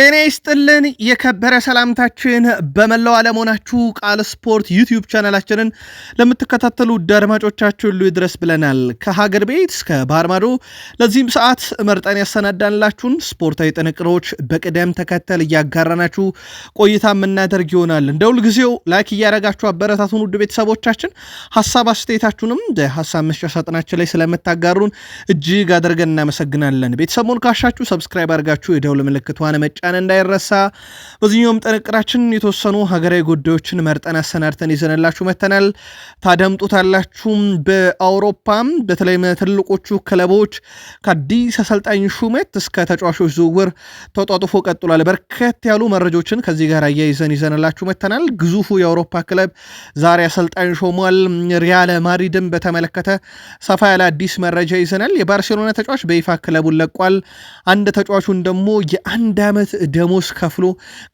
ጤና ይስጥልን የከበረ ሰላምታችን በመላው አለመሆናችሁ ቃል ስፖርት ዩቲዩብ ቻናላችንን ለምትከታተሉ አድማጮቻችሁ ሁሉ ይድረስ ብለናል። ከሀገር ቤት እስከ ባህር ማዶ ለዚህም ሰዓት መርጠን ያሰናዳንላችሁን ስፖርታዊ ጥንቅሮች በቅደም ተከተል እያጋራናችሁ ቆይታ የምናደርግ ይሆናል። እንደ ሁልጊዜው ላይክ እያደረጋችሁ አበረታቱን ውድ ቤተሰቦቻችን። ሀሳብ አስተያየታችሁንም በሀሳብ መስጫ ሳጥናችን ላይ ስለምታጋሩን እጅግ አድርገን እናመሰግናለን። ቤተሰቡን ካሻችሁ ሰብስክራይብ አድርጋችሁ የደውል ምልክቷን መጫ ቀን እንዳይረሳ። በዚህኛውም ጥንቅራችን የተወሰኑ ሀገራዊ ጉዳዮችን መርጠን አሰናድተን ይዘንላችሁ መተናል። ታደምጡታላችሁም። በአውሮፓም በተለይ ትልቆቹ ክለቦች ከአዲስ አሰልጣኝ ሹመት እስከ ተጫዋቾች ዝውውር ተጧጡፎ ቀጥሏል። በርከት ያሉ መረጃዎችን ከዚህ ጋር አያይዘን ይዘንላችሁ መተናል። ግዙፉ የአውሮፓ ክለብ ዛሬ አሰልጣኝ ሾሟል። ሪያል ማድሪድን በተመለከተ ሰፋ ያለ አዲስ መረጃ ይዘናል። የባርሴሎና ተጫዋች በይፋ ክለቡን ለቋል። አንድ ተጫዋቹን ደግሞ የአንድ ዓመት ዓመት ደሞዝ ከፍሎ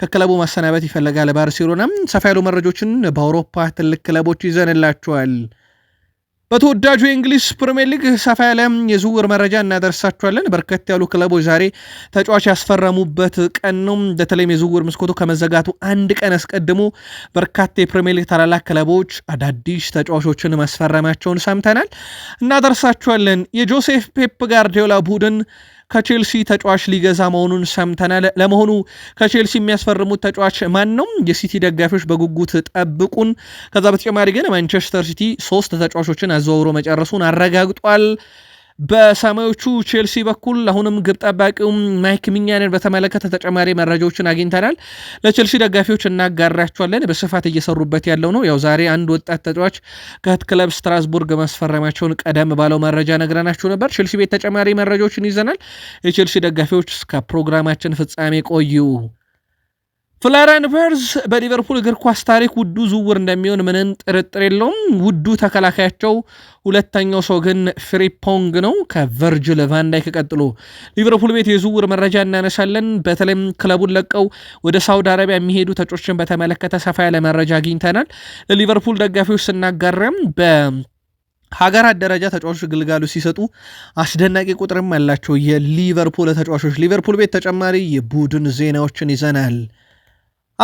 ከክለቡ መሰናበት ይፈልጋል ባርሴሎና። ሰፋ ያሉ መረጃዎችን በአውሮፓ ትልቅ ክለቦች ይዘንላቸዋል። በተወዳጁ የእንግሊዝ ፕሪምየር ሊግ ሰፋ ያለ የዝውውር መረጃ እናደርሳችኋለን። በርከት ያሉ ክለቦች ዛሬ ተጫዋች ያስፈረሙበት ቀን ነው። በተለይም የዝውውር መስኮቱ ከመዘጋቱ አንድ ቀን አስቀድሞ በርካታ የፕሪምየር ሊግ ታላላቅ ክለቦች አዳዲስ ተጫዋቾችን ማስፈረማቸውን ሰምተናል፣ እናደርሳችኋለን። የጆሴፍ ፔፕ ጋርዲዮላ ቡድን ከቼልሲ ተጫዋች ሊገዛ መሆኑን ሰምተናል። ለመሆኑ ከቼልሲ የሚያስፈርሙት ተጫዋች ማን ነው? የሲቲ ደጋፊዎች በጉጉት ጠብቁን። ከዛ በተጨማሪ ግን ማንቸስተር ሲቲ ሶስት ተጫዋቾችን አዘዋውሮ መጨረሱን አረጋግጧል። በሰማዮቹ ቼልሲ በኩል አሁንም ግብ ጠባቂው ማይክ ሚኛንን በተመለከተ ተጨማሪ መረጃዎችን አግኝተናል። ለቼልሲ ደጋፊዎች እናጋራቸዋለን። በስፋት እየሰሩበት ያለው ነው። ያው ዛሬ አንድ ወጣት ተጫዋች ከህት ክለብ ስትራስቡርግ ማስፈረማቸውን ቀደም ባለው መረጃ ነግረናችሁ ነበር። ቼልሲ ቤት ተጨማሪ መረጃዎችን ይዘናል። የቼልሲ ደጋፊዎች እስከ ፕሮግራማችን ፍጻሜ ቆዩ። ፍላረን ቨርዝ በሊቨርፑል እግር ኳስ ታሪክ ውዱ ዝውውር እንደሚሆን ምንም ጥርጥር የለውም። ውዱ ተከላካያቸው ሁለተኛው ሰው ግን ፍሪፖንግ ነው። ከቨርጅል ቫንዳይክ ቀጥሎ ሊቨርፑል ቤት የዝውውር መረጃ እናነሳለን። በተለይም ክለቡን ለቀው ወደ ሳውዲ አረቢያ የሚሄዱ ተጮችን በተመለከተ ሰፋ ያለ መረጃ አግኝተናል። ለሊቨርፑል ደጋፊዎች ስናጋረም በ ሀገራት ደረጃ ተጫዋቾች ግልጋሎት ሲሰጡ አስደናቂ ቁጥርም ያላቸው የሊቨርፑል ተጫዋቾች ሊቨርፑል ቤት ተጨማሪ የቡድን ዜናዎችን ይዘናል።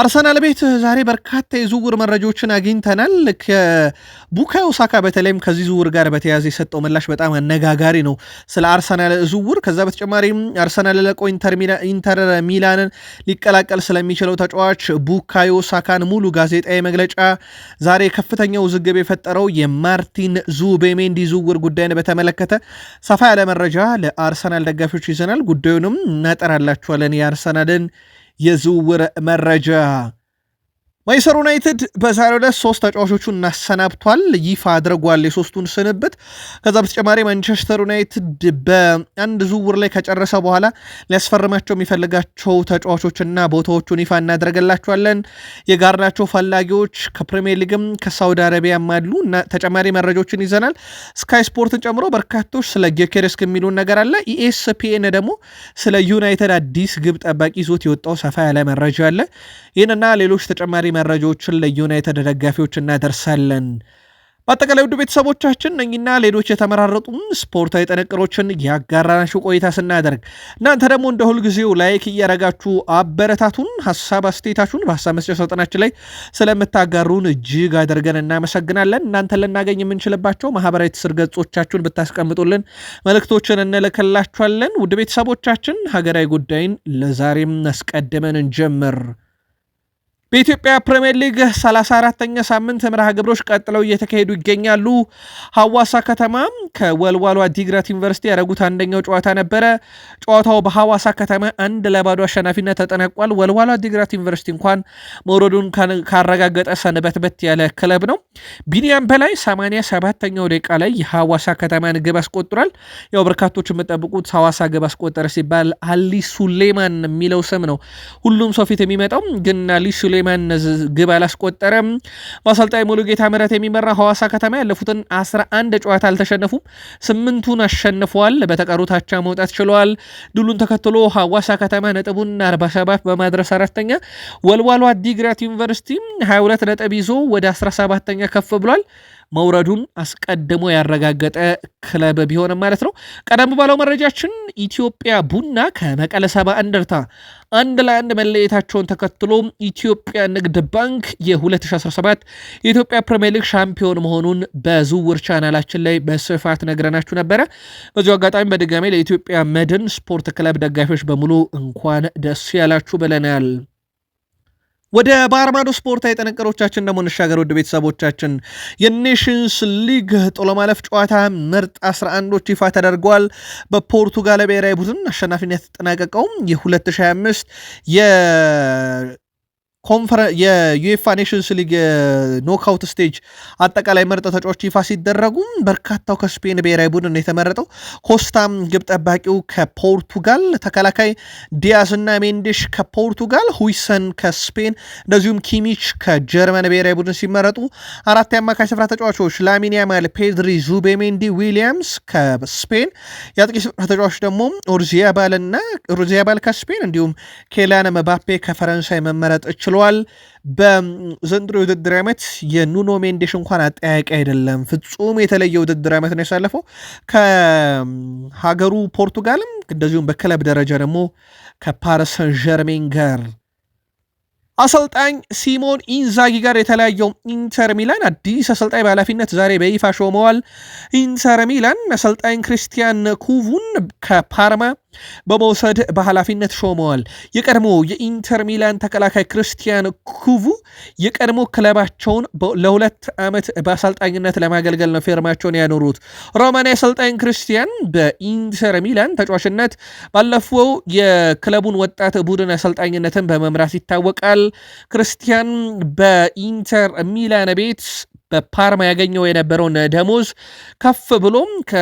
አርሰናል ቤት ዛሬ በርካታ የዝውውር መረጃዎችን አግኝተናል። ከቡካዮ ሳካ በተለይም ከዚህ ዝውውር ጋር በተያያዘ የሰጠው ምላሽ በጣም አነጋጋሪ ነው፣ ስለ አርሰናል ዝውውር። ከዛ በተጨማሪም አርሰናል ለቆ ኢንተር ሚላንን ሊቀላቀል ስለሚችለው ተጫዋች ቡካዮ ሳካን ሙሉ ጋዜጣዊ መግለጫ፣ ዛሬ ከፍተኛ ውዝግብ የፈጠረው የማርቲን ዙቤሜንዲ ዝውውር ጉዳይን በተመለከተ ሰፋ ያለ መረጃ ለአርሰናል ደጋፊዎች ይዘናል። ጉዳዩንም እናጠራላችኋለን የአርሰናልን يزور مراجاه ማንችስተር ዩናይትድ በዛሬው ዕለት ሶስት ተጫዋቾቹን እናሰናብቷል ይፋ አድርጓል የሶስቱን ስንብት። ከዛ በተጨማሪ ማንቸስተር ዩናይትድ በአንድ ዝውውር ላይ ከጨረሰ በኋላ ሊያስፈርማቸው የሚፈልጋቸው ተጫዋቾችና ቦታዎቹን ይፋ እናደርግላቸዋለን። የጋርናቸው ፈላጊዎች ከፕሪሚየር ሊግም ከሳውዲ አረቢያም አሉ እና ተጨማሪ መረጃዎችን ይዘናል። ስካይ ስፖርትን ጨምሮ በርካቶች ስለ ጌኬሬስክ የሚሉን ነገር አለ። ኢኤስፒኤን ደግሞ ስለ ዩናይትድ አዲስ ግብ ጠባቂ ይዞት የወጣው ሰፋ ያለ መረጃ አለ። ይህንና ሌሎች ተጨማሪ መረጃዎችን ለዩናይትድ ደጋፊዎች እናደርሳለን። በአጠቃላይ ውድ ቤተሰቦቻችን እኝና ሌሎች የተመራረጡም ስፖርታዊ ጥንቅሮችን ያጋራናችሁ ቆይታ ስናደርግ እናንተ ደግሞ እንደ ሁልጊዜው ላይክ እያረጋችሁ አበረታቱን። ሀሳብ አስተያየታችሁን በሀሳብ መስጫ ሳጥናችን ላይ ስለምታጋሩን እጅግ አድርገን እናመሰግናለን። እናንተ ልናገኝ የምንችልባቸው ማህበራዊ ትስስር ገጾቻችሁን ብታስቀምጡልን መልእክቶችን እንልክላችኋለን። ውድ ቤተሰቦቻችን ሀገራዊ ጉዳይን ለዛሬም አስቀድመን እንጀምር። በኢትዮጵያ ፕሪምየር ሊግ 34ተኛ ሳምንት መርሃ ግብሮች ቀጥለው እየተካሄዱ ይገኛሉ። ሐዋሳ ከተማ ከወልዋሏ ዲግራት ዩኒቨርሲቲ ያደረጉት አንደኛው ጨዋታ ነበረ። ጨዋታው በሐዋሳ ከተማ አንድ ለባዶ አሸናፊነት ተጠናቋል። ወልዋሏ ዲግራት ዩኒቨርሲቲ እንኳን መውረዱን ካረጋገጠ ሰንበትበት ያለ ክለብ ነው። ቢኒያም በላይ 87ተኛው ደቂቃ ላይ የሐዋሳ ከተማን ግብ አስቆጥሯል። ያው በርካቶች የምጠብቁት ሐዋሳ ግብ አስቆጠረ ሲባል አሊ ሱሌማን የሚለው ስም ነው ሁሉም ሰው ፊት የሚመጣው ግን አሊ ሱሌ ማነዝ ግብ አላስቆጠረም። በአሰልጣኝ ሙሉጌታ ምረት የሚመራ ሐዋሳ ከተማ ያለፉትን 11 ጨዋታ አልተሸነፉም፣ ስምንቱን አሸንፏል። በተቀሩት አቻ መውጣት ችለዋል። ድሉን ተከትሎ ሐዋሳ ከተማ ነጥቡን 47 በማድረስ አራተኛ፣ ወልዋሎ ዓዲግራት ዩኒቨርሲቲ 22 ነጥብ ይዞ ወደ 17ኛ ከፍ ብሏል። መውረዱን አስቀድሞ ያረጋገጠ ክለብ ቢሆንም ማለት ነው። ቀደም ባለው መረጃችን ኢትዮጵያ ቡና ከመቀለ ሰባ እንደርታ አንድ ለአንድ መለየታቸውን ተከትሎ ኢትዮጵያ ንግድ ባንክ የ2017 የኢትዮጵያ ፕሪሚየር ሊግ ሻምፒዮን መሆኑን በዝውውር ቻናላችን ላይ በስፋት ነግረናችሁ ነበረ። በዚሁ አጋጣሚ በድጋሚ ለኢትዮጵያ መድን ስፖርት ክለብ ደጋፊዎች በሙሉ እንኳን ደስ ያላችሁ ብለናል። ወደ ባህር ማዶ ስፖርታዊ ጥንቅሮቻችን ደግሞ እንሻገር። ውድ ቤተሰቦቻችን የኔሽንስ ሊግ ጥሎ ማለፍ ጨዋታ ምርጥ 11ዶች ይፋ ተደርጓል። በፖርቱጋል ብሔራዊ ቡድን አሸናፊነት የተጠናቀቀውም የ2025 የ የዩኤፋ ኔሽንስ ሊግ ኖክአውት ስቴጅ አጠቃላይ ምርጥ ተጫዋች ይፋ ሲደረጉም በርካታው ከስፔን ብሔራዊ ቡድን የተመረጠው ኮስታም ግብ ጠባቂው ከፖርቱጋል፣ ተከላካይ ዲያዝ እና ሜንዴሽ ከፖርቱጋል፣ ሁይሰን ከስፔን እንደዚሁም ኪሚች ከጀርመን ብሔራዊ ቡድን ሲመረጡ አራት የአማካይ ስፍራ ተጫዋቾች ላሚን ያማል፣ ፔድሪ፣ ዙቤሜንዲ፣ ዊሊያምስ ከስፔን የአጥቂ ስፍራ ተጫዋች ደግሞ ኦርዚያባል እና ኦርዚያባል ከስፔን እንዲሁም ኬሊያን መባፔ ከፈረንሳይ መመረጥ ችለዋል። በዘንድሮ የውድድር ዓመት የኑኖ ሜንዴሽ እንኳን አጠያቂ አይደለም። ፍጹም የተለየ ውድድር ዓመት ነው ያሳለፈው ከሀገሩ ፖርቱጋልም፣ እንደዚሁም በክለብ ደረጃ ደግሞ ከፓሪስ ሰን ዠርሜን ጋር አሰልጣኝ ሲሞን ኢንዛጊ ጋር የተለያየው ኢንተር ሚላን አዲስ አሰልጣኝ በኃላፊነት ዛሬ በይፋ ሾመዋል። ኢንተር ሚላን አሰልጣኝ ክሪስቲያን ኩቡን ከፓርማ በመውሰድ በኃላፊነት ሾመዋል። የቀድሞ የኢንተር ሚላን ተከላካይ ክርስቲያን ኩቡ የቀድሞ ክለባቸውን ለሁለት ዓመት በአሰልጣኝነት ለማገልገል ነው ፌርማቸውን ያኖሩት። ሮማን አሰልጣኝ ክርስቲያን በኢንተር ሚላን ተጫዋችነት ባለፈው የክለቡን ወጣት ቡድን አሰልጣኝነትን በመምራት ይታወቃል። ክርስቲያን በኢንተር ሚላን ቤት በፓርማ ያገኘው የነበረውን ደሞዝ ከፍ ብሎም ከ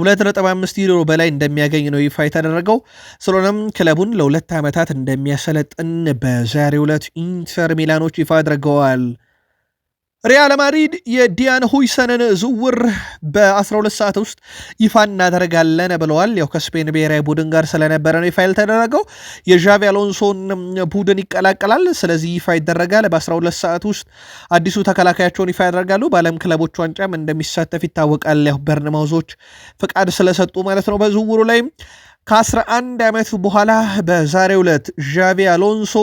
2.5 ዩሮ በላይ እንደሚያገኝ ነው ይፋ የተደረገው። ስለሆነም ክለቡን ለሁለት ዓመታት እንደሚያሰለጥን በዛሬው ዕለት ኢንተር ሚላኖች ይፋ አድርገዋል። ሪያል ማድሪድ የዲያን ሁይሰንን ዝውውር በ12 ሰዓት ውስጥ ይፋ እናደርጋለን ብለዋል። ያው ከስፔን ብሔራዊ ቡድን ጋር ስለነበረ ነው ይፋ ያልተደረገው። የዣቪ አሎንሶን ቡድን ይቀላቀላል። ስለዚህ ይፋ ይደረጋል። በ12 ሰዓት ውስጥ አዲሱ ተከላካያቸውን ይፋ ያደርጋሉ። በዓለም ክለቦች ዋንጫም እንደሚሳተፍ ይታወቃል። ያው በርንማውዞች ፍቃድ ስለሰጡ ማለት ነው በዝውውሩ ላይ ከ11 ዓመት በኋላ በዛሬው ዕለት ዣቪ አሎንሶ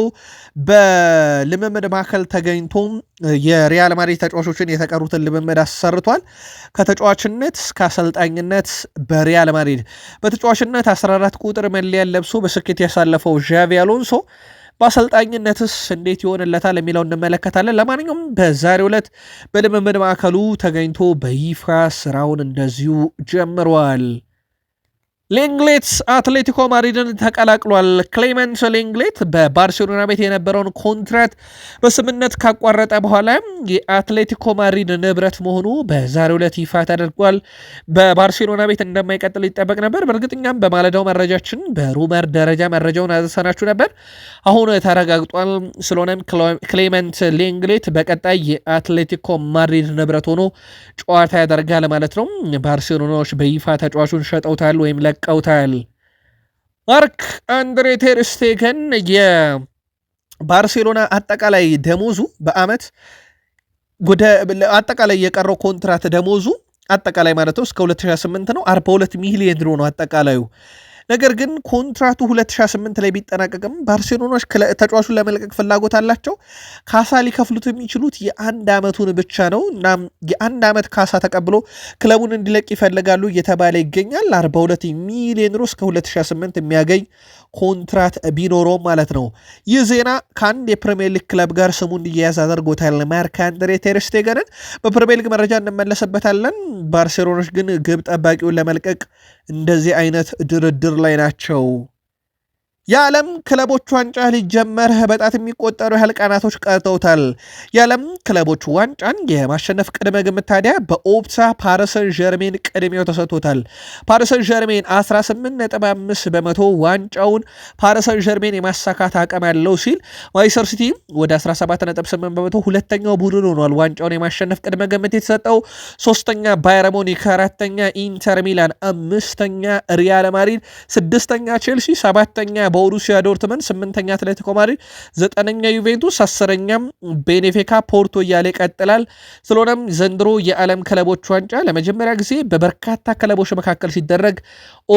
በልምምድ ማዕከል ተገኝቶ የሪያል ማድሪድ ተጫዋቾችን የተቀሩትን ልምምድ አሰርቷል። ከተጫዋችነት እስከ አሰልጣኝነት በሪያል ማድሪድ በተጫዋችነት 14 ቁጥር መለያን ለብሶ በስኬት ያሳለፈው ዣቪ አሎንሶ በአሰልጣኝነትስ እንዴት ይሆንለታል የሚለው እንመለከታለን። ለማንኛውም በዛሬው ዕለት በልምምድ ማዕከሉ ተገኝቶ በይፋ ስራውን እንደዚሁ ጀምሯል። ሊንግሌት አትሌቲኮ ማድሪድን ተቀላቅሏል። ክሌመንስ ሊንግሌት በባርሴሎና ቤት የነበረውን ኮንትራት በስምነት ካቋረጠ በኋላ የአትሌቲኮ ማድሪድ ንብረት መሆኑ በዛሬው ዕለት ይፋ ተደርጓል። በባርሴሎና ቤት እንደማይቀጥል ይጠበቅ ነበር። በእርግጥኛም በማለዳው መረጃችን በሩመር ደረጃ መረጃውን አዘሰናችሁ ነበር። አሁን ተረጋግጧል። ስለሆነም ክሌመንት ሊንግሌት በቀጣይ የአትሌቲኮ ማድሪድ ንብረት ሆኖ ጨዋታ ያደርጋል ማለት ነው። ባርሴሎናዎች በይፋ ተጫዋቹን ሸጠውታል ወይም ለቀውታል። ማርክ አንድሬ ቴርስቴገን የባርሴሎና አጠቃላይ ደሞዙ በአመት አጠቃላይ የቀረው ኮንትራት ደሞዙ አጠቃላይ ማለት ነው እስከ 2028 ነው 42 ሚሊዮን ድሮ ነው አጠቃላዩ ነገር ግን ኮንትራቱ 2028 ላይ ቢጠናቀቅም ባርሴሎናዎች ተጫዋቹን ለመልቀቅ ፍላጎት አላቸው። ካሳ ሊከፍሉት የሚችሉት የአንድ ዓመቱን ብቻ ነው። እናም የአንድ ዓመት ካሳ ተቀብሎ ክለቡን እንዲለቅ ይፈልጋሉ እየተባለ ይገኛል። 42 ሚሊዮን ዩሮ እስከ 2028 የሚያገኝ ኮንትራት ቢኖረው ማለት ነው። ይህ ዜና ከአንድ የፕሪሚየር ሊግ ክለብ ጋር ስሙ እንዲያያዝ አድርጎታል። ማርክ አንድሬ ተር ስቴገንን በፕሪሚየር ሊግ መረጃ እንመለስበታለን። ባርሴሎናዎች ግን ግብ ጠባቂውን ለመልቀቅ እንደዚህ አይነት ድርድር ላይ ናቸው። የዓለም ክለቦች ዋንጫ ሊጀመር በጣት የሚቆጠሩ ያህል ቀናቶች ቀርተውታል። የዓለም ክለቦች ዋንጫን የማሸነፍ ቅድመ ግምት ታዲያ በኦፕሳ ፓሪሰን ጀርሜን ቅድሚያው ተሰጥቶታል። ፓሪሰን ጀርሜን 18.5 በመቶ ዋንጫውን ፓሪሰን ጀርሜን የማሳካት አቅም ያለው ሲል ማንቸስተር ሲቲ ወደ 17.8 በመቶ ሁለተኛው ቡድን ሆኗል። ዋንጫውን የማሸነፍ ቅድመ ግምት የተሰጠው ሶስተኛ ባየር ሙኒክ፣ አራተኛ ኢንተር ሚላን፣ አምስተኛ ሪያል ማድሪድ፣ ስድስተኛ ቼልሲ፣ ሰባተኛ ቦሩሲያ ዶርትመን፣ ስምንተኛ አትሌቲኮ ማድሪድ፣ ዘጠነኛ ዩቬንቱስ፣ አስረኛም ቤኔፌካ ፖርቶ እያለ ይቀጥላል። ስለሆነም ዘንድሮ የዓለም ክለቦች ዋንጫ ለመጀመሪያ ጊዜ በበርካታ ክለቦች መካከል ሲደረግ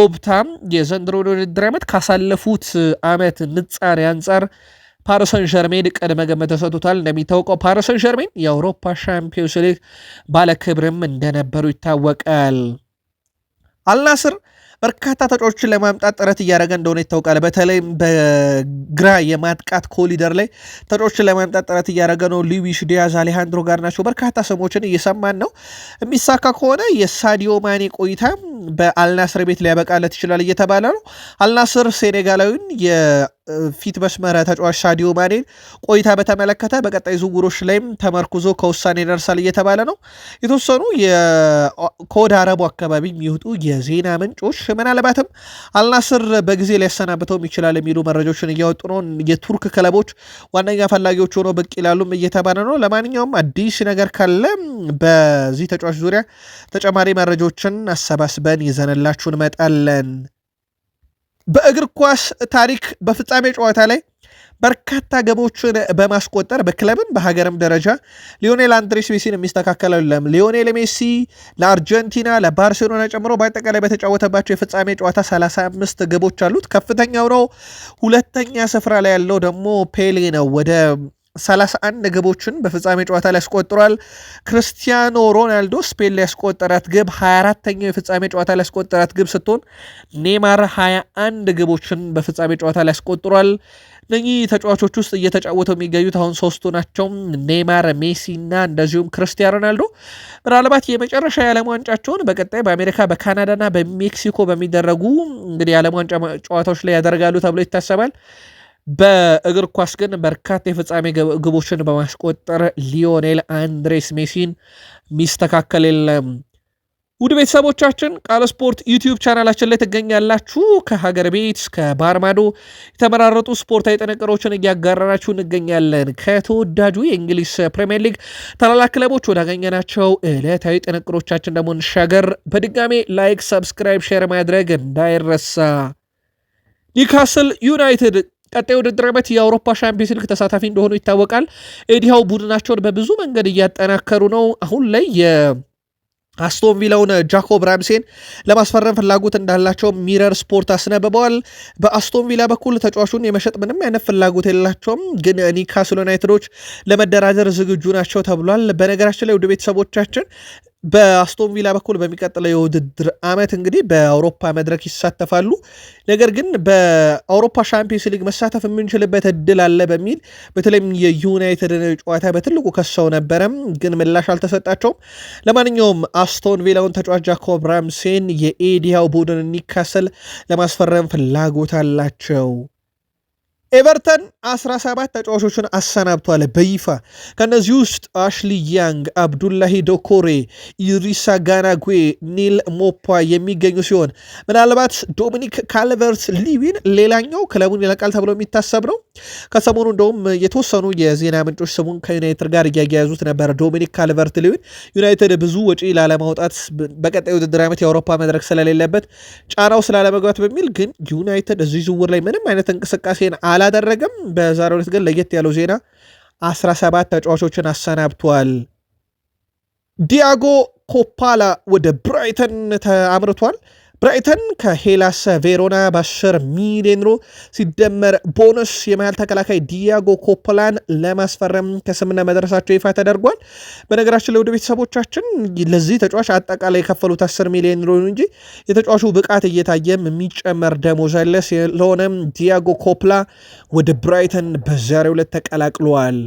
ኦብታም የዘንድሮ ውድድር ዓመት ካሳለፉት ዓመት ንጻሬ አንጻር ፓሪሰን ዠርሜን ቅድመ ግምት ተሰጥቶታል። እንደሚታወቀው ፓሪሰን ዠርሜን የአውሮፓ ሻምፒዮንስ ሊግ ባለክብርም እንደነበሩ ይታወቃል። አልናስር በርካታ ተጫዋቾችን ለማምጣት ጥረት እያደረገ እንደሆነ ይታወቃል። በተለይም በግራ የማጥቃት ኮሊደር ላይ ተጫዋቾችን ለማምጣት ጥረት እያደረገ ነው። ሉዊስ ዲያዝ፣ አሌሃንድሮ ጋር ናቸው በርካታ ስሞችን እየሰማን ነው። የሚሳካ ከሆነ የሳዲዮ ማኔ ቆይታ በአልናስር ቤት ሊያበቃለት ይችላል እየተባለ ነው። አልናስር ሴኔጋላዊን ፊት መስመር ተጫዋች ሳዲዮ ማኔን ቆይታ በተመለከተ በቀጣይ ዝውውሮች ላይም ተመርኩዞ ከውሳኔ ይደርሳል እየተባለ ነው። የተወሰኑ ከወደ አረቡ አካባቢ የሚወጡ የዜና ምንጮች ምናልባትም አልናስር በጊዜ ሊያሰናብተውም ይችላል የሚሉ መረጃዎችን እያወጡ ነው። የቱርክ ክለቦች ዋነኛ ፈላጊዎች ሆኖ ብቅ ይላሉም እየተባለ ነው። ለማንኛውም አዲስ ነገር ካለ በዚህ ተጫዋች ዙሪያ ተጨማሪ መረጃዎችን አሰባስበን ይዘንላችሁ እንመጣለን። በእግር ኳስ ታሪክ በፍጻሜ ጨዋታ ላይ በርካታ ግቦችን በማስቆጠር በክለብም በሀገርም ደረጃ ሊዮኔል አንድሬስ ሜሲን የሚስተካከል የለም። ሊዮኔል ሜሲ ለአርጀንቲና ለባርሴሎና ጨምሮ በአጠቃላይ በተጫወተባቸው የፍጻሜ ጨዋታ 35 ግቦች አሉት። ከፍተኛው ነው። ሁለተኛ ስፍራ ላይ ያለው ደግሞ ፔሌ ነው ወደ 31 ግቦችን በፍጻሜ ጨዋታ ላይ ያስቆጥሯል። ክርስቲያኖ ሮናልዶ ስፔን ላይ ያስቆጠራት ግብ 24ተኛው የፍጻሜ ጨዋታ ላይ ያስቆጠራት ግብ ስትሆን ኔማር 21 ግቦችን በፍጻሜ ጨዋታ ላይ ያስቆጥሯል። እነኚህ ተጫዋቾች ውስጥ እየተጫወተው የሚገኙት አሁን ሶስቱ ናቸው፣ ኔማር፣ ሜሲ እና እንደዚሁም ክርስቲያን ሮናልዶ። ምናልባት የመጨረሻ የዓለም ዋንጫቸውን በቀጣይ በአሜሪካ በካናዳና በሜክሲኮ በሚደረጉ እንግዲህ የዓለም ዋንጫ ጨዋታዎች ላይ ያደርጋሉ ተብሎ ይታሰባል። በእግር ኳስ ግን በርካታ የፍጻሜ ግቦችን በማስቆጠር ሊዮኔል አንድሬስ ሜሲን ሚስተካከል የለም። ውድ ቤተሰቦቻችን ቃል ስፖርት ዩቲዩብ ቻናላችን ላይ ትገኛላችሁ። ከሀገር ቤት እስከ ባርማዶ የተመራረጡ ስፖርታዊ ጥንቅሮችን እያጋራናችሁ እንገኛለን። ከተወዳጁ የእንግሊዝ ፕሪምየር ሊግ ታላላቅ ክለቦች ወዳገኘናቸው ዕለታዊ ጥንቅሮቻችን ደግሞ እንሻገር። በድጋሜ ላይክ፣ ሰብስክራይብ፣ ሼር ማድረግ እንዳይረሳ። ኒውካስል ዩናይትድ ቀጣይ ውድድር ዓመት የአውሮፓ ሻምፒዮንስ ሊግ ተሳታፊ እንደሆኑ ይታወቃል። ኤዲሃው ቡድናቸውን በብዙ መንገድ እያጠናከሩ ነው። አሁን ላይ አስቶን ቪላውን ጃኮብ ራምሴን ለማስፈረም ፍላጎት እንዳላቸው ሚረር ስፖርት አስነብበዋል። በአስቶን ቪላ በኩል ተጫዋቹን የመሸጥ ምንም አይነት ፍላጎት የላቸውም፣ ግን ኒካስል ዩናይትዶች ለመደራደር ዝግጁ ናቸው ተብሏል። በነገራችን ላይ ወደ ቤተሰቦቻችን በአስቶን ቪላ በኩል በሚቀጥለው የውድድር ዓመት እንግዲህ በአውሮፓ መድረክ ይሳተፋሉ። ነገር ግን በአውሮፓ ሻምፒዮንስ ሊግ መሳተፍ የምንችልበት እድል አለ በሚል በተለይም የዩናይትድን ጨዋታ በትልቁ ከሰው ነበረም፣ ግን ምላሽ አልተሰጣቸውም። ለማንኛውም አስቶን ቪላውን ተጫዋች ጃኮብ ራምሴን የኤዲያው ቡድን ኒካስል ለማስፈረም ፍላጎት አላቸው። ኤቨርተን 17 ተጫዋቾችን አሰናብቷል በይፋ ከእነዚህ ውስጥ አሽሊ ያንግ፣ አብዱላሂ ዶኮሬ፣ ኢሪሳ ጋናጉዌ፣ ኒል ሞፓ የሚገኙ ሲሆን ምናልባት ዶሚኒክ ካልቨርት ሊዊን ሌላኛው ክለቡን ይለቃል ተብሎ የሚታሰብ ነው። ከሰሞኑ እንደውም የተወሰኑ የዜና ምንጮች ስሙን ከዩናይትድ ጋር እያያያዙት ነበር። ዶሚኒክ ካልቨርት ሊዊን ዩናይትድ ብዙ ወጪ ላለማውጣት በቀጣይ ውድድር ዓመት የአውሮፓ መድረክ ስለሌለበት ጫናው ስላለመግባት በሚል ግን ዩናይትድ እዚህ ዝውውር ላይ ምንም አይነት እንቅስቃሴን አላደረገም። በዛሬው ዕለት ግን ለየት ያለው ዜና 17 ተጫዋቾችን አሰናብቷል። ዲያጎ ኮፓላ ወደ ብራይተን ተአምርቷል። ብራይተን ከሄላስ ቬሮና በአስር ሚሊዮን ሮ ሲደመር ቦነስ የመሃል ተከላካይ ዲያጎ ኮፖላን ለማስፈረም ከስምምነት መድረሳቸው ይፋ ተደርጓል። በነገራችን ለውድ ቤተሰቦቻችን ለዚህ ተጫዋች አጠቃላይ የከፈሉት 10 ሚሊዮን ሮ እንጂ የተጫዋቹ ብቃት እየታየም የሚጨመር ደሞዝ አለ። ስለሆነም ዲያጎ ኮፕላ ወደ ብራይተን በዛሬው ዕለት ተቀላቅሏል።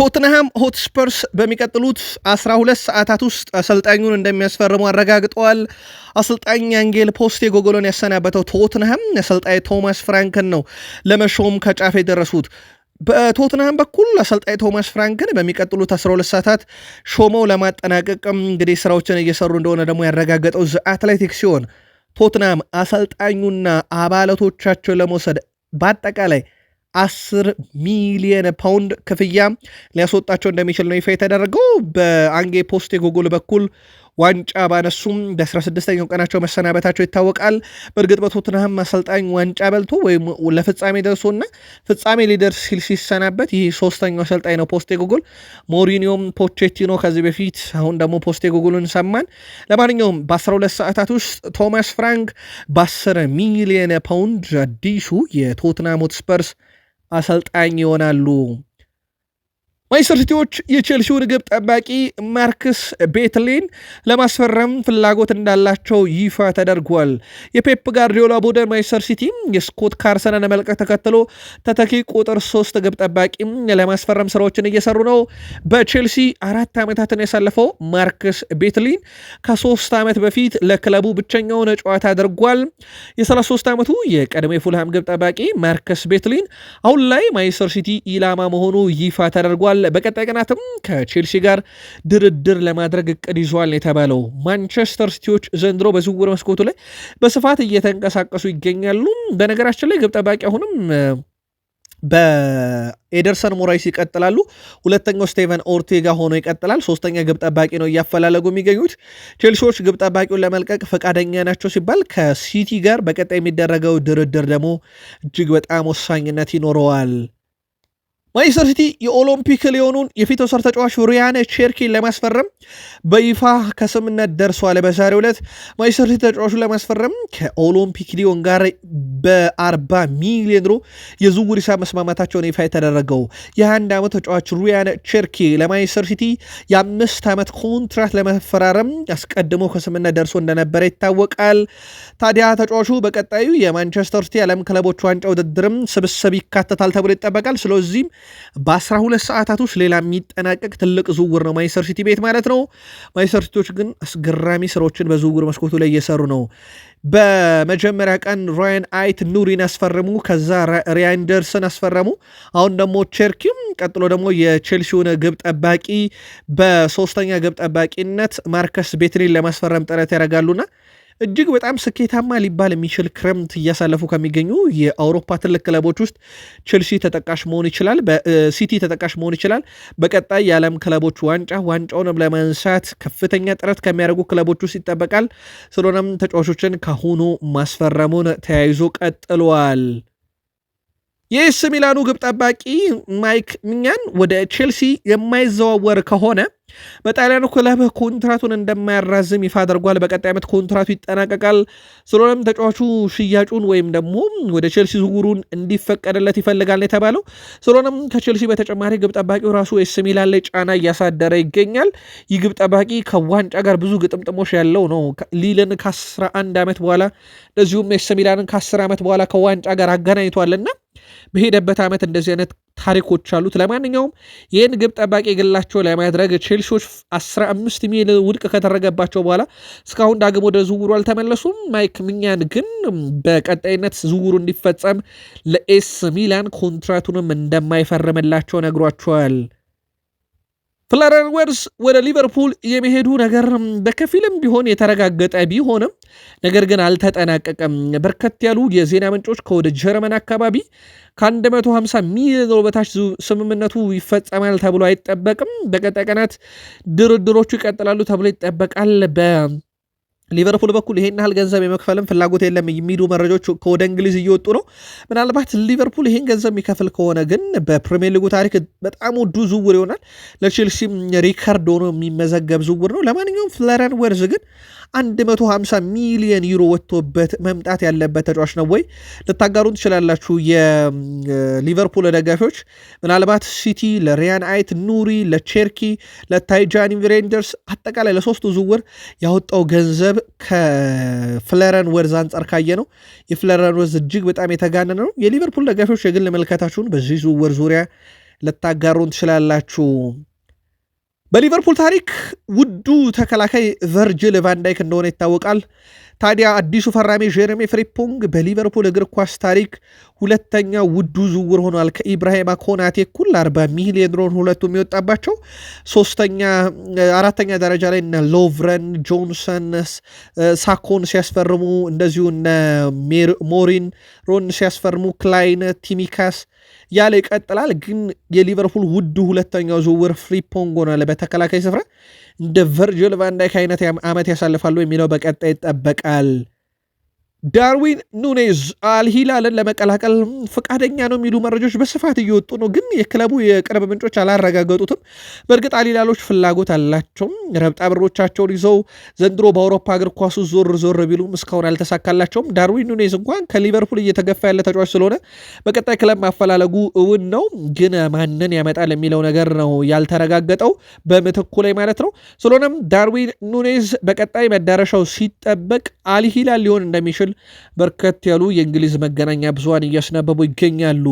ቶትንሃም ሆትስፐርስ በሚቀጥሉት 12 ሰዓታት ውስጥ አሰልጣኙን እንደሚያስፈርሙ አረጋግጠዋል። አሰልጣኝ አንጌል ፖስቴ ጎጎሎን ያሰናበተው ቶትንሃም አሰልጣኝ ቶማስ ፍራንክን ነው ለመሾም ከጫፍ የደረሱት። በቶትንሃም በኩል አሰልጣኝ ቶማስ ፍራንክን በሚቀጥሉት 12 ሰዓታት ሾመው ለማጠናቀቅም እንግዲህ ስራዎችን እየሰሩ እንደሆነ ደግሞ ያረጋገጠው ዘ አትሌቲክ ሲሆን ቶትንሃም አሰልጣኙና አባላቶቻቸው ለመውሰድ በአጠቃላይ አስር ሚሊየን ፓውንድ ክፍያ ሊያስወጣቸው እንደሚችል ነው ይፋ የተደረገው። በአንጌ ፖስቴ ጎጎል በኩል ዋንጫ ባነሱም በ16ኛው ቀናቸው መሰናበታቸው ይታወቃል። በእርግጥ በቶትናህም አሰልጣኝ ዋንጫ በልቶ ወይም ለፍጻሜ ደርሶና ፍጻሜ ሊደርስ ሲል ሲሰናበት ይህ ሶስተኛው አሰልጣኝ ነው ፖስቴ ጉጉል። ሞሪኒዮም ፖቼቲኖ ከዚህ በፊት አሁን ደግሞ ፖስቴ ጉጉልን ሰማን። ለማንኛውም በ12 ሰዓታት ውስጥ ቶማስ ፍራንክ በ10 ሚሊየን ፓውንድ አዲሱ የቶትንሃም ሆትስፐርስ አሰልጣኝ ይሆናሉ። ማንቸስተር ሲቲዎች የቼልሲውን ግብ ጠባቂ ማርክስ ቤትሊን ለማስፈረም ፍላጎት እንዳላቸው ይፋ ተደርጓል። የፔፕ ጋርዲዮላ ቡድን ማንቸስተር ሲቲ የስኮት ካርሰንን መልቀቅ ተከትሎ ተተኪ ቁጥር ሶስት ግብ ጠባቂም ለማስፈረም ስራዎችን እየሰሩ ነው። በቼልሲ አራት ዓመታትን ያሳለፈው ማርክስ ቤትሊን ከሶስት ዓመት በፊት ለክለቡ ብቸኛውን ጨዋታ አድርጓል። የ33 ዓመቱ የቀድሞ የፉልሃም ግብ ጠባቂ ማርክስ ቤትሊን አሁን ላይ ማንቸስተር ሲቲ ኢላማ መሆኑ ይፋ ተደርጓል። ይገኛል። በቀጣይ ቀናትም ከቼልሲ ጋር ድርድር ለማድረግ እቅድ ይዟል የተባለው ማንቸስተር ሲቲዎች ዘንድሮ በዝውውር መስኮቱ ላይ በስፋት እየተንቀሳቀሱ ይገኛሉ። በነገራችን ላይ ግብ ጠባቂ አሁንም በኤደርሰን ሞራይስ ይቀጥላሉ። ሁለተኛው ስቴቨን ኦርቴጋ ሆኖ ይቀጥላል። ሶስተኛ ግብ ጠባቂ ነው እያፈላለጉ የሚገኙት ቼልሲዎች ግብ ጠባቂውን ለመልቀቅ ፈቃደኛ ናቸው ሲባል ከሲቲ ጋር በቀጣይ የሚደረገው ድርድር ደግሞ እጅግ በጣም ወሳኝነት ይኖረዋል። ማንቸስተር ሲቲ የኦሎምፒክ ሊዮኑን የፊት ወሰር ተጫዋች ሪያን ቼርኪን ለማስፈረም በይፋ ከስምነት ደርሷል። በዛሬው ዕለት ማንቸስተር ሲቲ ተጫዋቹን ለማስፈረም ከኦሎምፒክ ሊዮን ጋር በ40 ሚሊዮን ሮ የዝውውር ሂሳብ መስማማታቸውን ይፋ የተደረገው የአንድ ዓመት ተጫዋች ሪያን ቼርኪ ለማንቸስተር ሲቲ የአምስት ዓመት ኮንትራት ለመፈራረም አስቀድሞ ከስምነት ደርሶ እንደነበረ ይታወቃል። ታዲያ ተጫዋቹ በቀጣዩ የማንቸስተር ሲቲ የዓለም ክለቦች ዋንጫ ውድድርም ስብስብ ይካተታል ተብሎ ይጠበቃል። ስለዚህም በ12 ውስጥ ሌላ የሚጠናቀቅ ትልቅ ዝውውር ነው ማኒስተር ሲቲ ቤት ማለት ነው። ማንቸስተር ሲቲዎች ግን አስገራሚ ስራዎችን በዝውውር መስኮቱ ላይ እየሰሩ ነው። በመጀመሪያ ቀን ራያን አይት ኑሪን አስፈረሙ። ከዛ ሪያንደርሰን አስፈረሙ። አሁን ደግሞ ቼርኪም፣ ቀጥሎ ደግሞ የቼልሲውን ግብ ጠባቂ በሶስተኛ ግብ ጠባቂነት ማርከስ ቤትኒን ለማስፈረም ጥረት ያደርጋሉና እጅግ በጣም ስኬታማ ሊባል የሚችል ክረምት እያሳለፉ ከሚገኙ የአውሮፓ ትልቅ ክለቦች ውስጥ ቼልሲ ተጠቃሽ መሆን ይችላል። ሲቲ ተጠቃሽ መሆን ይችላል። በቀጣይ የዓለም ክለቦች ዋንጫ ዋንጫውንም ለማንሳት ከፍተኛ ጥረት ከሚያደርጉ ክለቦች ውስጥ ይጠበቃል። ስለሆነም ተጫዋቾችን ካሁኑ ማስፈረሙን ተያይዞ ቀጥሏል። የኤስ ሚላኑ ግብ ጠባቂ ማይክ ሚኛን ወደ ቼልሲ የማይዘዋወር ከሆነ በጣሊያን ክለብ ኮንትራቱን እንደማያራዝም ይፋ አድርጓል። በቀጣይ ዓመት ኮንትራቱ ይጠናቀቃል። ስለሆነም ተጫዋቹ ሽያጩን ወይም ደግሞ ወደ ቼልሲ ዝውውሩን እንዲፈቀድለት ይፈልጋል የተባለው። ስለሆነም ከቼልሲ በተጨማሪ ግብ ጠባቂው ራሱ ኤስ ሚላን ላይ ጫና እያሳደረ ይገኛል። ይህ ግብ ጠባቂ ከዋንጫ ጋር ብዙ ግጥምጥሞች ያለው ነው። ሊልን ከ11 ዓመት በኋላ እንደዚሁም ኤስ ሚላንን ከ10 ዓመት በኋላ ከዋንጫ ጋር አገናኝቷልና በሄደበት ዓመት እንደዚህ አይነት ታሪኮች አሉት። ለማንኛውም ይህን ግብ ጠባቂ ግላቸው ለማድረግ ቼልሲዎች 15 ሚሊዮን ውድቅ ከተደረገባቸው በኋላ እስካሁን ዳግም ወደ ዝውውሩ አልተመለሱም። ማይክ ሚኛን ግን በቀጣይነት ዝውውሩ እንዲፈጸም ለኤስ ሚላን ኮንትራቱንም እንደማይፈርምላቸው ነግሯቸዋል። ፍለረር ወደ ሊቨርፑል የመሄዱ ነገር በከፊልም ቢሆን የተረጋገጠ ቢሆንም ነገር ግን አልተጠናቀቀም። በርከት ያሉ የዜና ምንጮች ከወደ ጀርመን አካባቢ ከ150 ሚሊዮን ዩሮ በታች ስምምነቱ ይፈጸማል ተብሎ አይጠበቅም። በቀጣይ ቀናት ድርድሮቹ ይቀጥላሉ ተብሎ ይጠበቃል በ ሊቨርፑል በኩል ይሄን ያህል ገንዘብ የመክፈልም ፍላጎት የለም የሚሉ መረጃዎች ከወደ እንግሊዝ እየወጡ ነው። ምናልባት ሊቨርፑል ይሄን ገንዘብ የሚከፍል ከሆነ ግን በፕሪሚየር ሊጉ ታሪክ በጣም ውዱ ዝውውር ይሆናል። ለቼልሲ ሪከርድ ሆኖ የሚመዘገብ ዝውውር ነው። ለማንኛውም ፍለረን ወርዝ ግን 150 ሚሊዮን ዩሮ ወጥቶበት መምጣት ያለበት ተጫዋች ነው ወይ ልታጋሩን ትችላላችሁ? የሊቨርፑል ደጋፊዎች ምናልባት ሲቲ ለሪያን አይት ኑሪ፣ ለቼርኪ፣ ለታይጃኒ ሬንጀርስ አጠቃላይ ለሶስቱ ዝውውር ያወጣው ገንዘብ ከፍለረን ወርዝ አንጻር ካየ ነው የፍለረን ወርዝ እጅግ በጣም የተጋነነ ነው። የሊቨርፑል ደጋፊዎች የግል መልከታችሁን በዚህ ዝውውር ዙሪያ ልታጋሩን ትችላላችሁ። በሊቨርፑል ታሪክ ውዱ ተከላካይ ቨርጅል ቫንዳይክ እንደሆነ ይታወቃል። ታዲያ አዲሱ ፈራሚ ጀረሚ ፍሪፖንግ በሊቨርፑል እግር ኳስ ታሪክ ሁለተኛ ውዱ ዝውውር ሆኗል። ከኢብራሂማ ኮናቴ እኩል 40 ሚሊዮን ሮን ሁለቱ የሚወጣባቸው ሶስተኛ አራተኛ ደረጃ ላይ እነ ሎቭረን ጆንሰን ሳኮን ሲያስፈርሙ፣ እንደዚሁ እነ ሞሪን ሮን ሲያስፈርሙ፣ ክላይን ቲሚካስ ያለ ይቀጥላል። ግን የሊቨርፑል ውዱ ሁለተኛው ዝውውር ፍሪፖንግ ሆኗል በተከላካይ ስፍራ እንደ ቨርጅል ቫንዳይክ አይነት ዓመት ያሳልፋሉ የሚለው በቀጣይ ይጠበቃል። ዳርዊን ኑኔዝ አልሂላልን ለመቀላቀል ፈቃደኛ ነው የሚሉ መረጃዎች በስፋት እየወጡ ነው፣ ግን የክለቡ የቅርብ ምንጮች አላረጋገጡትም። በእርግጥ አልሂላሎች ፍላጎት አላቸውም። ረብጣ ብሮቻቸውን ይዘው ዘንድሮ በአውሮፓ እግር ኳሱ ዞር ዞር ቢሉም እስካሁን አልተሳካላቸውም። ዳርዊን ኑኔዝ እንኳን ከሊቨርፑል እየተገፋ ያለ ተጫዋች ስለሆነ በቀጣይ ክለብ ማፈላለጉ እውን ነው፣ ግን ማንን ያመጣል የሚለው ነገር ነው ያልተረጋገጠው፣ በምትኩ ላይ ማለት ነው። ስለሆነም ዳርዊን ኑኔዝ በቀጣይ መዳረሻው ሲጠበቅ አልሂላል ሊሆን እንደሚችል ሲል በርከት ያሉ የእንግሊዝ መገናኛ ብዙሃን እያስነበቡ ይገኛሉ።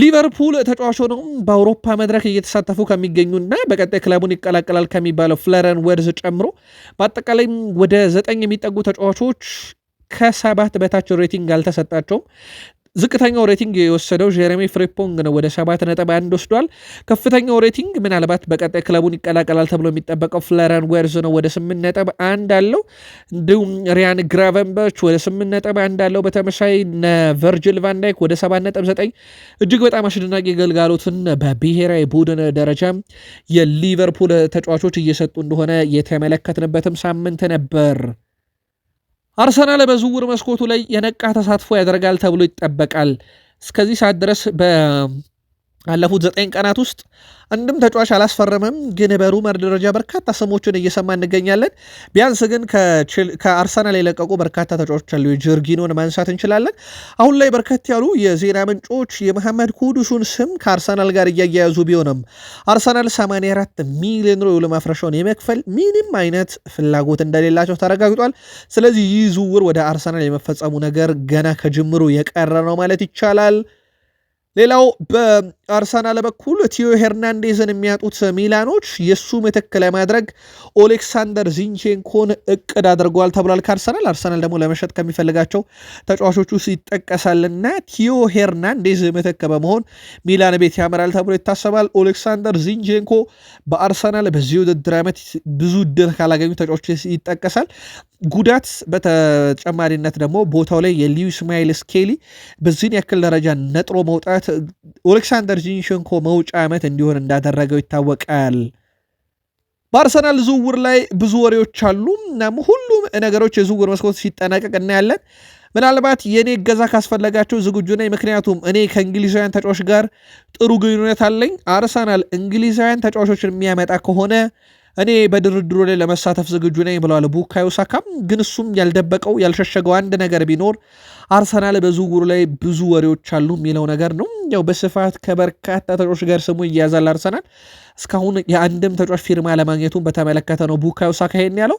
ሊቨርፑል ተጫዋች ሆነውም በአውሮፓ መድረክ እየተሳተፉ ከሚገኙና በቀጣይ ክለቡን ይቀላቀላል ከሚባለው ፍለረን ወርዝ ጨምሮ በአጠቃላይም ወደ ዘጠኝ የሚጠጉ ተጫዋቾች ከሰባት በታች ሬቲንግ አልተሰጣቸውም። ዝቅተኛው ሬቲንግ የወሰደው ጀረሚ ፍሬፖንግ ነው፣ ወደ 7.1 ወስዷል። ከፍተኛው ሬቲንግ ምናልባት በቀጣይ ክለቡን ይቀላቀላል ተብሎ የሚጠበቀው ፍለረን ዌርዝ ነው፣ ወደ 8.1 አለው። እንዲሁም ሪያን ግራቨንበርች ወደ 8.1 አለው። በተመሳይ ቨርጅል ቫንዳይክ ወደ 7.9 እጅግ በጣም አስደናቂ ገልጋሎትን በብሔራዊ ቡድን ደረጃ የሊቨርፑል ተጫዋቾች እየሰጡ እንደሆነ የተመለከትንበትም ሳምንት ነበር። አርሰናል በዝውውር መስኮቱ ላይ የነቃ ተሳትፎ ያደርጋል ተብሎ ይጠበቃል። እስከዚህ ሰዓት ድረስ በ ባለፉት ዘጠኝ ቀናት ውስጥ አንድም ተጫዋች አላስፈረመም፣ ግን በሩመር ደረጃ በርካታ ስሞችን እየሰማ እንገኛለን። ቢያንስ ግን ከአርሰናል የለቀቁ በርካታ ተጫዋቾች አሉ። የጀርጊኖን ማንሳት እንችላለን። አሁን ላይ በርከት ያሉ የዜና ምንጮች የመሐመድ ኩዱሱን ስም ከአርሰናል ጋር እያያያዙ ቢሆንም አርሰናል 84 ሚሊዮን ዩሮ ለማፍረሻውን የመክፈል ምንም አይነት ፍላጎት እንደሌላቸው ተረጋግጧል። ስለዚህ ይህ ዝውውር ወደ አርሰናል የመፈጸሙ ነገር ገና ከጅምሩ የቀረ ነው ማለት ይቻላል። ሌላው አርሰናል በኩል ቲዮ ሄርናንዴዝን የሚያጡት ሚላኖች የእሱ ምትክ ለማድረግ ኦሌክሳንደር ዚንቼንኮን እቅድ አድርገዋል ተብሏል ከአርሰናል። አርሰናል ደግሞ ለመሸጥ ከሚፈልጋቸው ተጫዋቾች ውስጥ ይጠቀሳልና ቲዮ ሄርናንዴዝ ምትክ በመሆን ሚላን ቤት ያመራል ተብሎ ይታሰባል። ኦሌክሳንደር ዚንቼንኮ በአርሰናል በዚህ ውድድር ዓመት ብዙ እድል ካላገኙ ተጫዋቾች ይጠቀሳል። ጉዳት በተጨማሪነት ደግሞ ቦታው ላይ የሊዩስ ማይልስ ኬሊ በዚህን ያክል ደረጃ ነጥሮ መውጣት ኦሌክሳንደር የሸርጂንሸንኮ መውጫ ዓመት እንዲሆን እንዳደረገው ይታወቃል። በአርሰናል ዝውውር ላይ ብዙ ወሬዎች አሉ። እናም ሁሉም ነገሮች የዝውውር መስኮት ሲጠናቀቅ እናያለን። ምናልባት የእኔ እገዛ ካስፈለጋቸው ዝግጁ ነኝ። ምክንያቱም እኔ ከእንግሊዛውያን ተጫዋች ጋር ጥሩ ግንኙነት አለኝ። አርሰናል እንግሊዛውያን ተጫዋቾችን የሚያመጣ ከሆነ እኔ በድርድሩ ላይ ለመሳተፍ ዝግጁ ነኝ ብለዋል ቡካዮ ሳካም። ግን እሱም ያልደበቀው ያልሸሸገው አንድ ነገር ቢኖር አርሰናል በዝውውሩ ላይ ብዙ ወሬዎች አሉ የሚለው ነገር ነው። ያው በስፋት ከበርካታ ተጫዋች ጋር ስሙ እያያዛል። አርሰናል እስካሁን የአንድም ተጫዋች ፊርማ ለማግኘቱን በተመለከተ ነው ቡካዮ ሳካ ይሄን ያለው።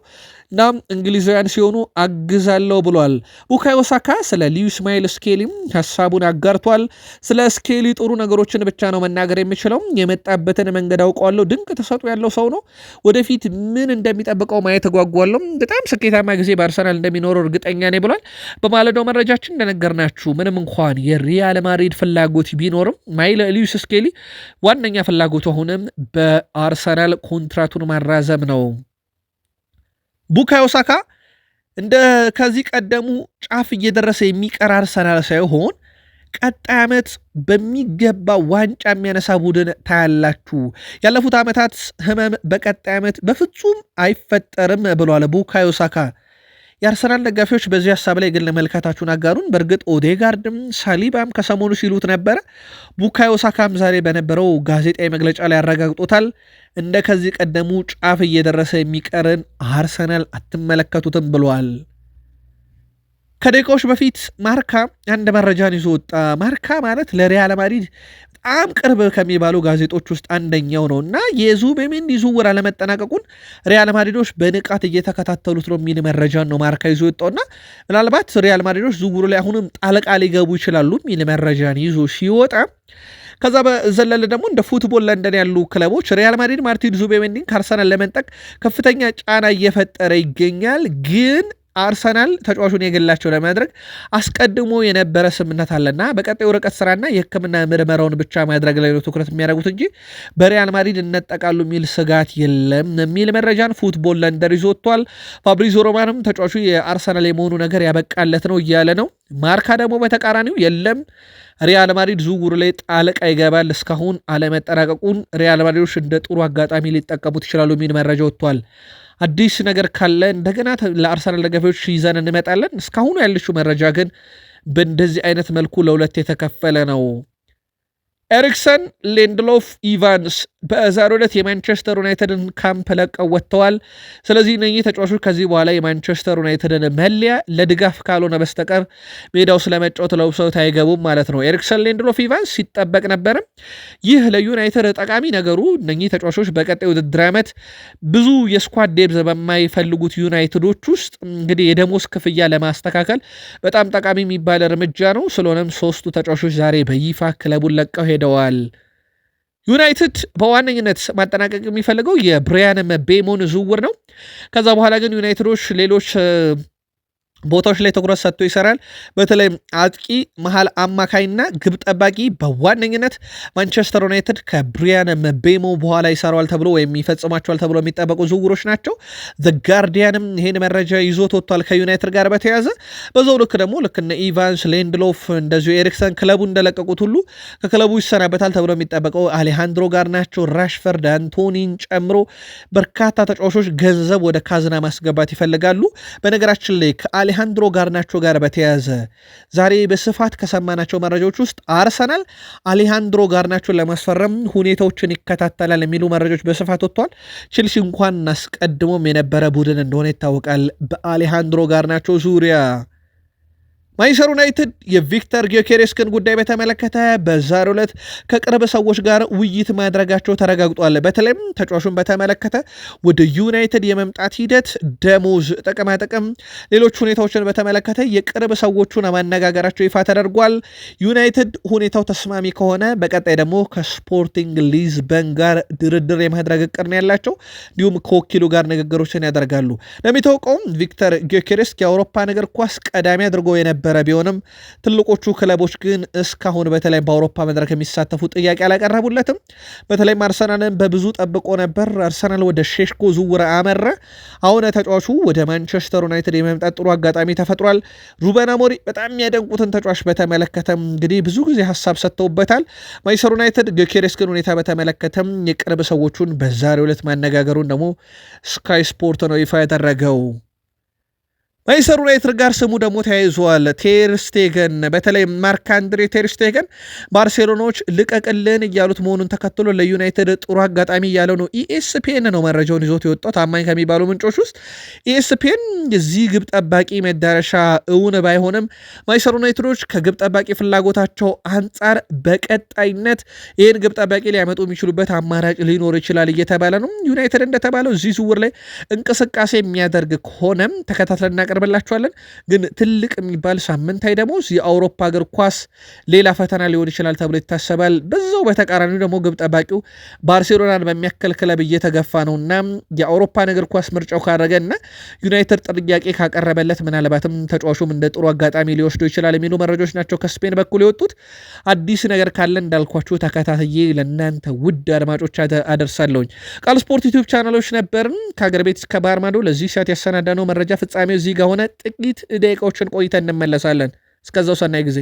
እናም እንግሊዛውያን ሲሆኑ አግዛለሁ ብሏል። ቡካዮ ሳካ ስለ ሊዩ ስማኤል ስኬሊም ሀሳቡን አጋርቷል። ስለ ስኬሊ ጥሩ ነገሮችን ብቻ ነው መናገር የሚችለው የመጣበትን መንገድ አውቀዋለሁ። ድንቅ ተሰጡ ያለው ሰው ነው። ወደፊት ምን እንደሚጠብቀው ማየት እጓጓለሁ። በጣም ስኬታማ ጊዜ በአርሰናል እንደሚኖረው እርግጠኛ ነኝ ብሏል። በማለዳው መረጃችን እንደነገርናችሁ ምንም እንኳን የሪያል ማድሪድ ፍላጎት ቢኖርም ማይለ ሊዩስ ስኬሊ ዋነኛ ፍላጎቱ አሁንም በአርሰናል ኮንትራቱን ማራዘም ነው። ቡካዮ ሳካ እንደ ከዚህ ቀደሙ ጫፍ እየደረሰ የሚቀር አርሰናል ሳይሆን ቀጣይ ዓመት በሚገባ ዋንጫ የሚያነሳ ቡድን ታያላችሁ። ያለፉት ዓመታት ህመም በቀጣይ ዓመት በፍጹም አይፈጠርም ብሏል ቡካዮ ሳካ። የአርሰናል ደጋፊዎች በዚህ ሀሳብ ላይ ግን ለመልካታችሁን አጋሩን። በእርግጥ ኦዴጋርድም ሳሊባም ከሰሞኑ ሲሉት ነበረ። ቡካዮ ሳካም ዛሬ በነበረው ጋዜጣዊ መግለጫ ላይ ያረጋግጦታል። እንደ ከዚህ ቀደሙ ጫፍ እየደረሰ የሚቀርን አርሰናል አትመለከቱትም ብሏል። ከደቂቃዎች በፊት ማርካ አንድ መረጃን ይዞ ወጣ። ማርካ ማለት ለሪያል ማድሪድ በጣም ቅርብ ከሚባሉ ጋዜጦች ውስጥ አንደኛው ነው እና የዙቤሜንዲ ዝውውር አለመጠናቀቁን ሪያል ማድሪዶች በንቃት እየተከታተሉት ነው የሚል መረጃ ነው ማርካ ይዞ የወጣውና ምናልባት ሪያል ማድሪዶች ዝውውሩ ላይ አሁንም ጣልቃ ሊገቡ ይችላሉ የሚል መረጃን ይዞ ሲወጣ ከዛ በዘለለ ደግሞ እንደ ፉትቦል ለንደን ያሉ ክለቦች ሪያል ማድሪድ ማርቲን ዙቤሜንዲን ከአርሰናል ለመንጠቅ ከፍተኛ ጫና እየፈጠረ ይገኛል ግን አርሰናል ተጫዋቹን የግላቸው ለማድረግ አስቀድሞ የነበረ ስምነት አለና በቀጣዩ ርቀት ስራና የሕክምና ምርመራውን ብቻ ማድረግ ላይ ነው ትኩረት የሚያደርጉት እንጂ በሪያል ማድሪድ እነጠቃሉ የሚል ስጋት የለም የሚል መረጃን ፉትቦል ለንደር ይዞ ወጥቷል። ፋብሪዞ ሮማንም ተጫዋቹ የአርሰናል የመሆኑ ነገር ያበቃለት ነው እያለ ነው። ማርካ ደግሞ በተቃራኒው የለም ሪያል ማድሪድ ዝውውሩ ላይ ጣልቃ ይገባል፣ እስካሁን አለመጠናቀቁን ሪያል ማድሪዶች እንደ ጥሩ አጋጣሚ ሊጠቀሙት ይችላሉ የሚል መረጃ ወጥቷል። አዲስ ነገር ካለ እንደገና ለአርሰናል ደጋፊዎች ይዘን እንመጣለን። እስካሁኑ ያለችው መረጃ ግን በእንደዚህ አይነት መልኩ ለሁለት የተከፈለ ነው። ኤሪክሰን፣ ሌንድሎፍ፣ ኢቫንስ በዛሬው ዕለት የማንቸስተር ዩናይትድን ካምፕ ለቀው ወጥተዋል። ስለዚህ እነኚህ ተጫዋቾች ከዚህ በኋላ የማንቸስተር ዩናይትድን መለያ ለድጋፍ ካልሆነ በስተቀር ሜዳው ስለመጫወት ለብሰውት አይገቡም ማለት ነው። ኤሪክሰን፣ ሌንድሎፍ፣ ኢቫንስ ሲጠበቅ ነበርም። ይህ ለዩናይትድ ጠቃሚ ነገሩ እነኚህ ተጫዋቾች በቀጣይ ውድድር ዓመት ብዙ የስኳድ ዴብዝ በማይፈልጉት ዩናይትዶች ውስጥ እንግዲህ የደሞዝ ክፍያ ለማስተካከል በጣም ጠቃሚ የሚባል እርምጃ ነው። ስለሆነም ሶስቱ ተጫዋቾች ዛሬ በይፋ ክለቡን ለቀው ሄደዋል። ዩናይትድ በዋነኝነት ማጠናቀቅ የሚፈልገው የብሪያን ምቤሞን ዝውውር ነው። ከዛ በኋላ ግን ዩናይትዶች ሌሎች ቦታዎች ላይ ትኩረት ሰጥቶ ይሰራል። በተለይም አጥቂ፣ መሀል አማካይና ግብ ጠባቂ በዋነኝነት ማንቸስተር ዩናይትድ ከብሪያን መቤሞ በኋላ ይሰራዋል ተብሎ ወይም ይፈጽማቸዋል ተብሎ የሚጠበቁ ዝውውሮች ናቸው። ዘ ጋርዲያንም ይህን መረጃ ይዞት ወጥቷል። ከዩናይትድ ጋር በተያያዘ በዛው ልክ ደግሞ ልክ እነ ኢቫንስ ሌንድሎፍ፣ እንደዚሁ ኤሪክሰን ክለቡ እንደለቀቁት ሁሉ ከክለቡ ይሰናበታል ተብሎ የሚጠበቀው አሌሃንድሮ ጋር ናቸው። ራሽፈርድ አንቶኒን ጨምሮ በርካታ ተጫዋቾች ገንዘብ ወደ ካዝና ማስገባት ይፈልጋሉ። በነገራችን ላይ ከአሌሃንድሮ ጋርናቾ ጋር በተያያዘ ዛሬ በስፋት ከሰማናቸው መረጃዎች ውስጥ አርሰናል አሌሃንድሮ ጋርናቾን ለማስፈረም ሁኔታዎችን ይከታተላል የሚሉ መረጃዎች በስፋት ወጥተዋል። ቼልሲ እንኳን አስቀድሞም የነበረ ቡድን እንደሆነ ይታወቃል። በአሌሃንድሮ ጋርናቾ ዙሪያ ማንችስተር ዩናይትድ የቪክተር ጊዮኬሬስክን ጉዳይ በተመለከተ በዛሬው ዕለት ከቅርብ ሰዎች ጋር ውይይት ማድረጋቸው ተረጋግጧል። በተለይም ተጫዋቹን በተመለከተ ወደ ዩናይትድ የመምጣት ሂደት፣ ደሞዝ፣ ጥቅማጥቅም፣ ሌሎች ሁኔታዎችን በተመለከተ የቅርብ ሰዎቹን ማነጋገራቸው ይፋ ተደርጓል። ዩናይትድ ሁኔታው ተስማሚ ከሆነ በቀጣይ ደግሞ ከስፖርቲንግ ሊዝበን ጋር ድርድር የማድረግ እቅድ ነው ያላቸው። እንዲሁም ከወኪሉ ጋር ንግግሮችን ያደርጋሉ። ለሚታወቀውም ቪክተር ጊዮኬሬስክ የአውሮፓ እግር ኳስ ቀዳሚ አድርጎ የነበረ የነበረ ቢሆንም ትልቆቹ ክለቦች ግን እስካሁን በተለይ በአውሮፓ መድረክ የሚሳተፉ ጥያቄ አላቀረቡለትም። በተለይም አርሰናልን በብዙ ጠብቆ ነበር። አርሰናል ወደ ሼሽኮ ዝውውር አመረ። አሁን ተጫዋቹ ወደ ማንቸስተር ዩናይትድ የመምጣት ጥሩ አጋጣሚ ተፈጥሯል። ሩበን አሞሪ በጣም የሚያደንቁትን ተጫዋች በተመለከተም እንግዲህ ብዙ ጊዜ ሀሳብ ሰጥተውበታል። ማንቸስተር ዩናይትድ ጌኬሬስን ሁኔታ በተመለከተም የቅርብ ሰዎቹን በዛሬው ዕለት ማነጋገሩን ደግሞ ስካይ ስፖርት ነው ይፋ ያደረገው። ማንችስተር ዩናይትድ ጋር ስሙ ደግሞ ተያይዘዋል። ቴርስቴገን በተለይ ማርክ አንድሬ ቴርስቴገን ባርሴሎናዎች ልቀቅልን እያሉት መሆኑን ተከትሎ ለዩናይትድ ጥሩ አጋጣሚ እያለው ነው። ኢኤስፔን ነው መረጃውን ይዞት የወጣው ታማኝ ከሚባሉ ምንጮች ውስጥ ኢኤስፔን እዚህ ግብ ጠባቂ መዳረሻ እውን ባይሆንም ማንችስተር ዩናይትዶች ከግብ ጠባቂ ፍላጎታቸው አንጻር በቀጣይነት ይህን ግብ ጠባቂ ሊያመጡ የሚችሉበት አማራጭ ሊኖር ይችላል እየተባለ ነው። ዩናይትድ እንደተባለው እዚህ ዝውውር ላይ እንቅስቃሴ የሚያደርግ ከሆነም ተከታትለናቀር እናቀርብላችኋለን። ግን ትልቅ የሚባል ሳምንታዊ ደሞዝ የአውሮፓ እግር ኳስ ሌላ ፈተና ሊሆን ይችላል ተብሎ ይታሰባል። በዛው በተቃራኒ ደግሞ ግብ ጠባቂው ባርሴሎናን በሚያክል ክለብ እየተገፋ ነው እና የአውሮፓን እግር ኳስ ምርጫው እና ዩናይትድ ጥያቄ ካቀረበለት ምናልባትም ተጫዋቹም እንደ ጥሩ አጋጣሚ ሊወስዶ ይችላል የሚሉ መረጃዎች ናቸው ከስፔን በኩል የወጡት። አዲስ ነገር ካለ እንዳልኳችሁ ተከታትዬ ለእናንተ ውድ አድማጮች አደርሳለሁኝ። ቃል ስፖርት ዩቲዩብ ቻናሎች ነበርን ከአገር ቤት እስከ ባህር ማዶ ለዚህ ሰዓት ያሰናዳነው መረጃ ፍጻሜው እዚህ ጋር ስለሆነ ጥቂት ደቂቃዎችን ቆይተ እንመለሳለን። እስከዛው ሰናይ ጊዜ